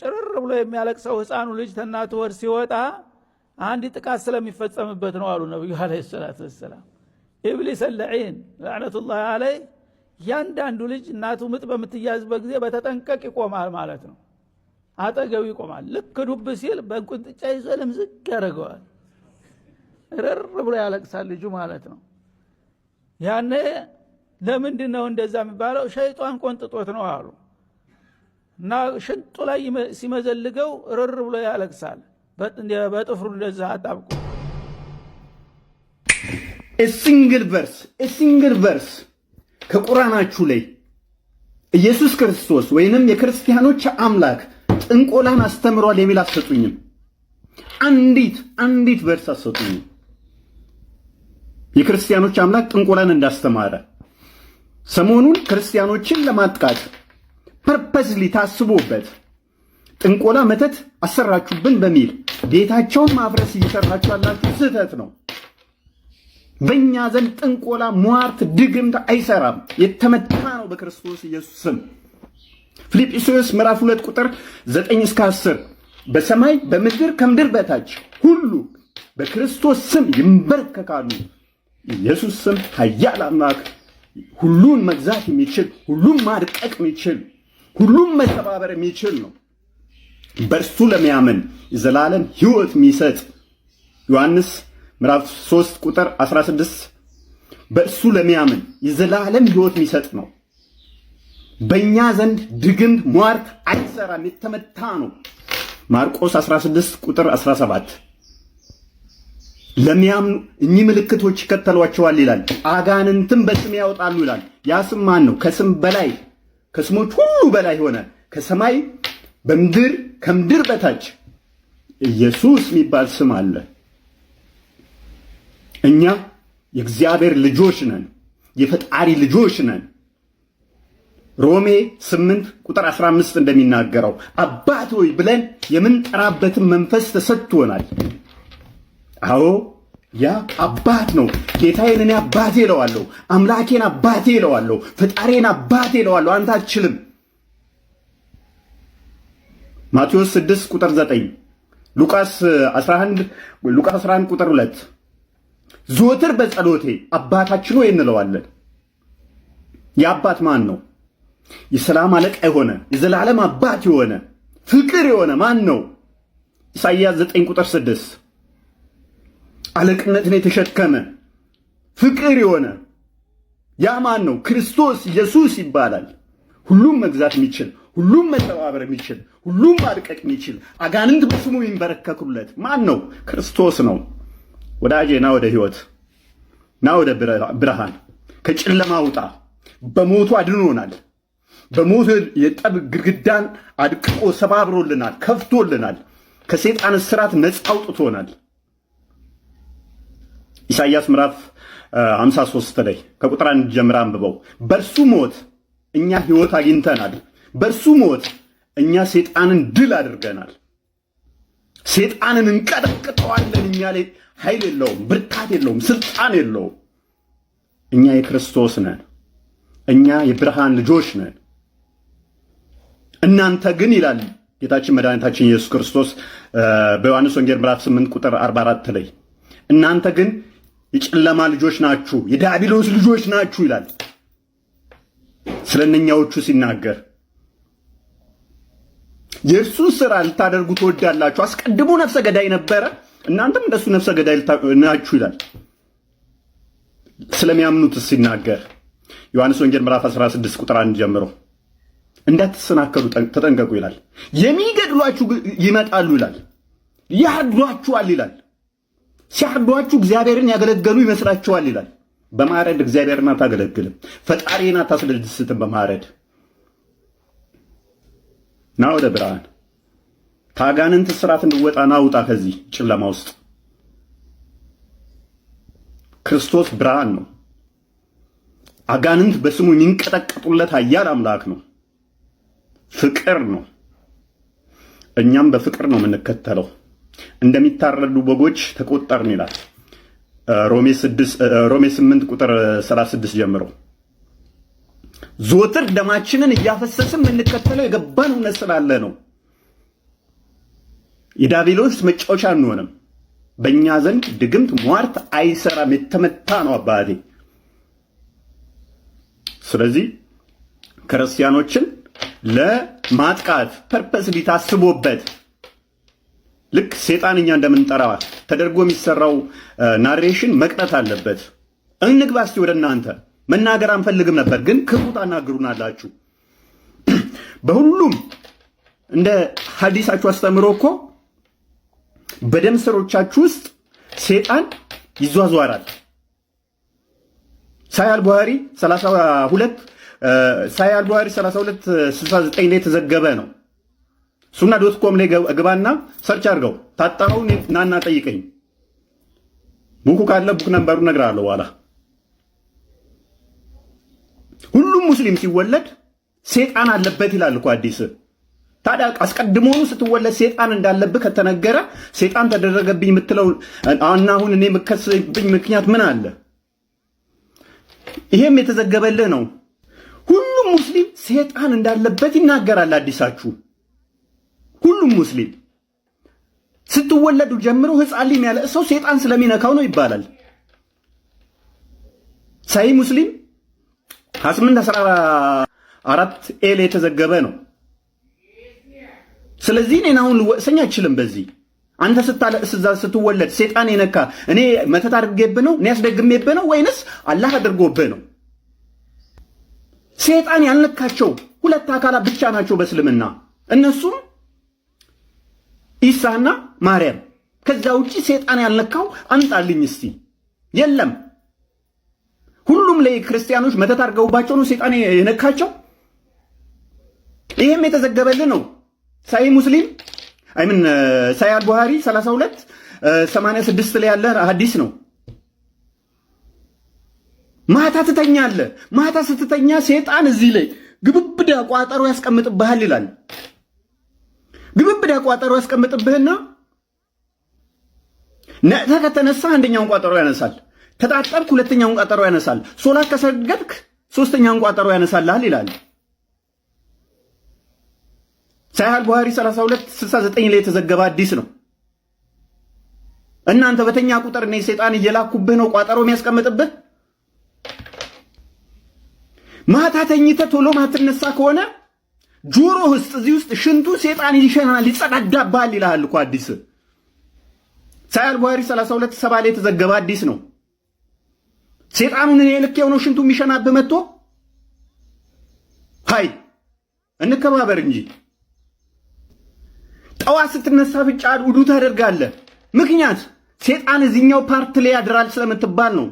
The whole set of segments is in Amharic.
ጭርር ብሎ የሚያለቅሰው ህፃኑ ልጅ ተናቱ ወር ሲወጣ አንድ ጥቃት ስለሚፈጸምበት ነው አሉ ነቢዩ አለ ሰላት ወሰላም። ኢብሊስ ለዒን ላዕነቱላህ አለይ እያንዳንዱ ልጅ እናቱ ምጥ በምትያዝበት ጊዜ በተጠንቀቅ ይቆማል ማለት ነው። አጠገቡ ይቆማል። ልክ ዱብ ሲል በቁንጥጫ ይዞ ልምዝግ ያደርገዋል። ርር ብሎ ያለቅሳል ልጁ ማለት ነው። ያኔ ለምንድን ነው እንደዛ የሚባለው? ሸይጧን ቆንጥጦት ነው አሉ እና ሽንጡ ላይ ሲመዘልገው ርር ብሎ ያለቅሳል። በጥፍሩ እንደዛ አጣብቁ ሲንግል ቨርስ ሲንግል ቨርስ ከቁራናችሁ ላይ ኢየሱስ ክርስቶስ ወይንም የክርስቲያኖች አምላክ ጥንቆላን አስተምሯል የሚል አሰጡኝም። አንዲት አንዲት ቨርስ አሰጡኝም። የክርስቲያኖች አምላክ ጥንቆላን እንዳስተማረ ሰሞኑን ክርስቲያኖችን ለማጥቃት ፐርፐስሊ ታስቦበት ጥንቆላ፣ መተት አሰራችሁብን በሚል ቤታቸውን ማፍረስ እየሰራችሁ ያላችሁ ስህተት ነው። በእኛ ዘንድ ጥንቆላ፣ ሟርት፣ ድግምት አይሰራም። የተመታ ነው በክርስቶስ ኢየሱስ ስም። ፊልጵስዩስ ምዕራፍ ሁለት ቁጥር ዘጠኝ እስከ አስር በሰማይ በምድር ከምድር በታች ሁሉ በክርስቶስ ስም ይንበርከካሉ። ኢየሱስ ስም ኃያል አምላክ ሁሉን መግዛት የሚችል ሁሉን ማድቀቅ የሚችል ሁሉም መተባበር የሚችል ነው። በእርሱ ለሚያምን የዘላለም ህይወት የሚሰጥ ዮሐንስ ምዕራፍ 3 ቁጥር 16 በእሱ ለሚያምን የዘላለም ህይወት የሚሰጥ ነው። በእኛ ዘንድ ድግምት ሟርት አይሰራም፣ የተመታ ነው። ማርቆስ 16 ቁጥር 17 ለሚያምኑ እኚህ ምልክቶች ይከተሏቸዋል ይላል። አጋንንትን በስም ያወጣሉ ይላል። ያ ስም ማን ነው? ከስም በላይ ከስሞች ሁሉ በላይ ሆነ። ከሰማይ በምድር ከምድር በታች ኢየሱስ የሚባል ስም አለ። እኛ የእግዚአብሔር ልጆች ነን፣ የፈጣሪ ልጆች ነን። ሮሜ 8 ቁጥር 15 እንደሚናገረው አባት ሆይ ብለን የምንጠራበትን መንፈስ ተሰጥቶናል። አዎ ያ አባት ነው። ጌታዬን እኔ አባቴ እለዋለሁ፣ አምላኬን አባቴ እለዋለሁ፣ ፈጣሪን አባቴ እለዋለሁ። አንተ አትችልም። ማቴዎስ 6 ቁጥር 9 ሉቃስ 11 ሉቃስ 11 ቁጥር 2 ዞትር በጸሎቴ አባታችን ሆይ እንለዋለን። የአባት ማን ነው? የሰላም አለቃ የሆነ የዘላለም አባት የሆነ ፍቅር የሆነ ማን ነው? ኢሳይያስ 9 ቁጥር 6 አለቅነትን የተሸከመ ፍቅር የሆነ ያ ማን ነው? ክርስቶስ ኢየሱስ ይባላል። ሁሉም መግዛት የሚችል ሁሉም መተባበር የሚችል ሁሉም ማድቀቅ የሚችል አጋንንት በስሙ የሚንበረከኩለት ማን ነው? ክርስቶስ ነው። ወዳጄ ና ወደ ህይወት ና ወደ ብርሃን፣ ከጨለማ ውጣ። በሞቱ አድኖናል። በሞት የጠብ ግድግዳን አድቅቆ ሰባብሮልናል፣ ከፍቶልናል። ከሴጣን እስራት ነፃ አውጥቶናል። ኢሳይያስ ምዕራፍ 53 ላይ ከቁጥር አንድ ጀምራ አንብበው። በእርሱ ሞት እኛ ህይወት አግኝተናል። በእርሱ ሞት እኛ ሴጣንን ድል አድርገናል። ሴጣንን እንቀጠቅጠዋለን። እኛ ላይ ኃይል የለውም፣ ብርታት የለውም፣ ስልጣን የለውም። እኛ የክርስቶስ ነን። እኛ የብርሃን ልጆች ነን። እናንተ ግን ይላል ጌታችን መድኃኒታችን ኢየሱስ ክርስቶስ በዮሐንስ ወንጌል ምዕራፍ 8 ቁጥር 44 ላይ እናንተ ግን የጨለማ ልጆች ናችሁ፣ የዳቢሎስ ልጆች ናችሁ ይላል ስለነኛዎቹ ሲናገር የእርሱ ስራ ልታደርጉ ትወዳላችሁ። አስቀድሞ ነፍሰ ገዳይ ነበረ፣ እናንተም እንደሱ ነፍሰ ገዳይ ናችሁ ይላል። ስለሚያምኑት ሲናገር ዮሐንስ ወንጌል ምዕራፍ 16 ቁጥር 1 ጀምሮ እንዳትሰናከሉ ተጠንቀቁ ይላል። የሚገድሏችሁ ይመጣሉ ይላል፣ ያድሏችኋል ይላል። ሲያዷችሁ እግዚአብሔርን ያገለገሉ ይመስላችኋል ይላል። በማረድ እግዚአብሔርን አታገለግልም፣ ፈጣሪን አታስደስትም። በማረድ ና ወደ ብርሃን ታጋንንት ስርዓት እንድወጣ ናውጣ ከዚህ ጨለማ ውስጥ ክርስቶስ ብርሃን ነው። አጋንንት በስሙ የሚንቀጠቀጡለት ኃያል አምላክ ነው። ፍቅር ነው። እኛም በፍቅር ነው የምንከተለው። እንደሚታረዱ በጎች ተቆጠርን ይላል ሮሜ 8 ቁጥር 36 ጀምሮ ዞትር ደማችንን እያፈሰስን የምንከተለው የገባን እውነት ስላለ ነው። የዲያብሎስ መጫወቻ አንሆንም። በእኛ ዘንድ ድግምት ሟርት አይሰራም። የተመታ ነው አባቴ። ስለዚህ ክርስቲያኖችን ለማጥቃት ፐርፐስ ሊታስቦበት ልክ ሴጣን እኛ እንደምንጠራ ተደርጎ የሚሰራው ናሬሽን መቅረት አለበት። እንግባ እስቲ ወደ እናንተ። መናገር አንፈልግም ነበር፣ ግን ክፉ ታናግሩናላችሁ። በሁሉም እንደ ሀዲሳችሁ አስተምሮ እኮ በደም ስሮቻችሁ ውስጥ ሴጣን ይዟዟራል። ሳያል ቡሃሪ 32 ሳያል ቡሃሪ 32 69 ላይ የተዘገበ ነው። ሱና ዶት ኮም ላይ ግባና ሰርች አድርገው ታጣኸው ናና ጠይቀኝ። ቡኩ ካለ ቡክ ነንበሩ እነግርሃለሁ። በኋላ ሁሉም ሙስሊም ሲወለድ ሴጣን አለበት ይላል እኮ አዲስ። ታዲያ አስቀድሞኑ ስትወለድ ሴጣን እንዳለብህ ከተነገረ ሴጣን ተደረገብኝ የምትለው እና አሁን እኔ የምከስብኝ ምክንያት ምን አለ? ይሄም የተዘገበልህ ነው። ሁሉም ሙስሊም ሴጣን እንዳለበት ይናገራል አዲሳችሁ ሁሉም ሙስሊም ስትወለዱ ጀምሮ ህፃን ሊም ያለ ሰው ሴጣን ስለሚነካው ነው ይባላል። ሳይ ሙስሊም 14 ኤል የተዘገበ ነው። ስለዚህ እኔን አሁን ልወቅሰኝ አይችልም። በዚህ አንተ ስታለቅስ እዛ ስትወለድ ሴጣን የነካ እኔ መተት አድርጌብህ ነው እኔ ያስደግሜብህ ነው ወይንስ አላህ አድርጎብህ ነው? ሴጣን ያልነካቸው ሁለት አካላት ብቻ ናቸው በእስልምና እነሱም ኢሳና ማርያም ከዛ ውጭ ሴጣን ያልነካው አምጣልኝ እስቲ የለም። ሁሉም ላይ ክርስቲያኖች መተት አድርገውባቸው ነው ሴጣን የነካቸው። ይህም የተዘገበልን ነው። ሳይ ሙስሊም አይምን ሳይ አልቡሃሪ 32 86 ላይ ያለ ሀዲስ ነው። ማታ ትተኛለህ። ማታ ስትተኛ ሴጣን እዚህ ላይ ግብብዳ ቋጠሮ ያስቀምጥብሃል ይላል። ወዲያ ቋጠሮ ያስቀምጥብህና ነቅተህ ከተነሳ አንደኛውን ቋጠሮ ያነሳል። ተጣጠብክ፣ ሁለተኛውን ቋጠሮ ያነሳል። ሶላት ከሰገድክ ሶስተኛውን ቋጠሮ ያነሳልሃል ይላል። ሳይሃል ቡሃሪ 3269 ላይ የተዘገበ አዲስ ነው። እናንተ በተኛ ቁጥር እኔ ሰይጣን እየላኩብህ ነው ቋጠሮ የሚያስቀምጥብህ። ማታ ተኝተህ ቶሎ ማትነሳ ከሆነ ጆሮ ውስጥ እዚህ ውስጥ ሽንቱ ሴጣን ይሸናል ይጸዳዳባል ይልሃል እኮ አዲስ ሳያል ቡሃሪ 32 ሰባ ላይ የተዘገበ አዲስ ነው። ሴጣኑን እኔ ልክ የሆነው ሽንቱ የሚሸናብ መጥቶ ሀይ እንከባበር እንጂ ጠዋት ስትነሳ ብቻ ውዱ ታደርጋለህ። ምክንያት ሴጣን እዚህኛው ፓርት ላይ ያድራል ስለምትባል ነው።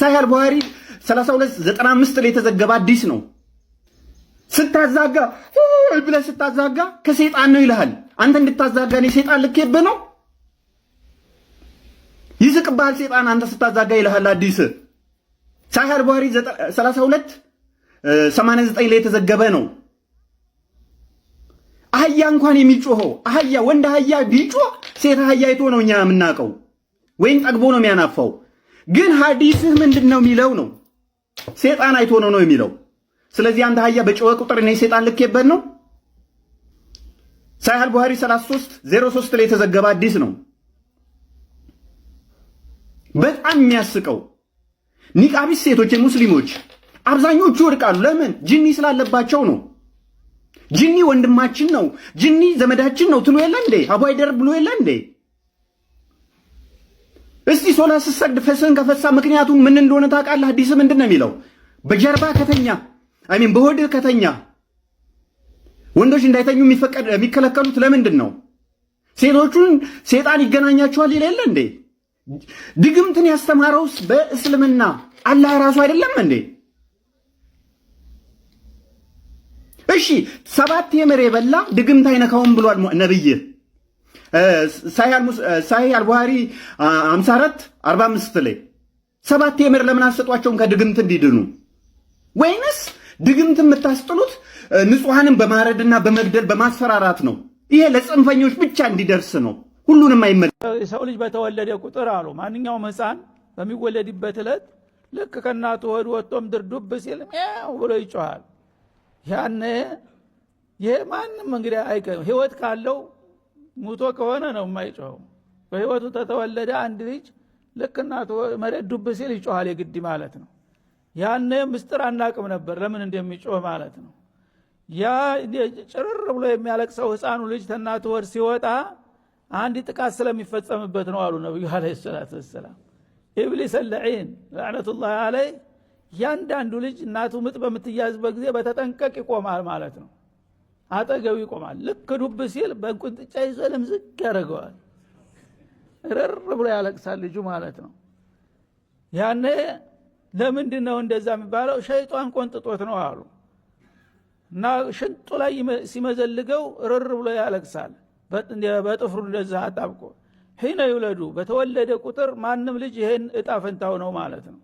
ሳያል ቡሃሪ 32 95 ላይ የተዘገበ አዲስ ነው። ስታዛጋ ብለ ስታዛጋ ከሴጣን ነው ይልሃል። አንተ እንድታዛጋ እኔ ሴጣን ልኬብህ ነው ይስቅብሃል። ሴጣን አንተ ስታዛጋ ይልሃል። አዲስ ሳሂህ ቡኻሪ 32 89 ላይ የተዘገበ ነው። አህያ እንኳን የሚጮኸው አህያ ወንድ አህያ ቢጮህ ሴት አህያ አይቶ ነው እኛ የምናውቀው፣ ወይም ጠግቦ ነው የሚያናፋው። ግን ሀዲስህ ምንድን ነው የሚለው ነው ሴጣን አይቶ ነው ነው የሚለው ስለዚህ አንድ አህያ በጮኸ ቁጥር እኔ ሰይጣን ልኬበት ነው። ሳይህ አልቡሃሪ 33 03 ላይ የተዘገበ አዲስ ነው። በጣም የሚያስቀው ኒቃቢስ ሴቶች ሙስሊሞች አብዛኞቹ ይወድቃሉ። ለምን? ጅኒ ስላለባቸው ነው። ጅኒ ወንድማችን ነው፣ ጅኒ ዘመዳችን ነው ትሉ የለ እንዴ? አቧይደር ብሎ የለ እንዴ? እስቲ ሶላ ስትሰግድ ፈስህን ከፈሳ ምክንያቱም ምን እንደሆነ ታውቃለህ? አዲስ ምንድን ነው የሚለው? በጀርባ ከተኛ አይሚን በሆድህ ከተኛ ወንዶች እንዳይተኙ የሚከለከሉት ለምንድን ነው? ሴቶቹን ሴጣን ይገናኛቸዋል ይል የለ እንዴ? ድግምትን ያስተማረውስ በእስልምና አላህ ራሱ አይደለም እንዴ? እሺ ሰባት የምር የበላ ድግምት አይነካውም ብሏል ነብይ ሳሂህ አልቡሃሪ 54 45 ላይ ሰባት የምር ለምን አሰጧቸው ከድግምት እንዲድኑ ወይንስ ድግምት የምታስጥሉት ንጹሐንን በማረድና በመግደል በማስፈራራት ነው። ይሄ ለጽንፈኞች ብቻ እንዲደርስ ነው። ሁሉንም አይመለ የሰው ልጅ በተወለደ ቁጥር አሉ ማንኛውም ህፃን በሚወለድበት ዕለት ልክ ከእናቱ ወድ ወጥቶም ድርዱብ ሲል ያው ብሎ ይጮሃል። ያነ ይሄ ማንም እንግዲህ አይቀ ህይወት ካለው ሙቶ ከሆነ ነው የማይጮኸው። በህይወቱ ተተወለደ አንድ ልጅ ልክ እናቱ መሬት ዱብ ሲል ይጮሃል የግድ ማለት ነው። ያነ ምስጢር አናቅም ነበር ለምን እንደሚጮህ ማለት ነው ያ ጭርር ብሎ የሚያለቅሰው ህፃኑ ልጅ ተናት ወር ሲወጣ አንድ ጥቃት ስለሚፈጸምበት ነው አሉ ነቢዩ አለ ሰላት ወሰላም ኢብሊስ ለዒን ላዕነቱላህ አለይ እያንዳንዱ ልጅ እናቱ ምጥ በምትያዝበት ጊዜ በተጠንቀቅ ይቆማል ማለት ነው አጠገቡ ይቆማል ልክ ዱብ ሲል በንቁንጥጫ ይዞ ልምዝግ ያደርገዋል ርር ብሎ ያለቅሳል ልጁ ማለት ነው ያኔ ለምንድን ነው እንደዛ የሚባለው? ሸይጣን ቆንጥጦት ነው አሉ እና ሽንጡ ላይ ሲመዘልገው ርር ብሎ ያለቅሳል። በጥፍሩ እንደዛ አጣብቆ ሒነ ይውለዱ በተወለደ ቁጥር ማንም ልጅ ይሄን እጣ ፈንታው ነው ማለት ነው።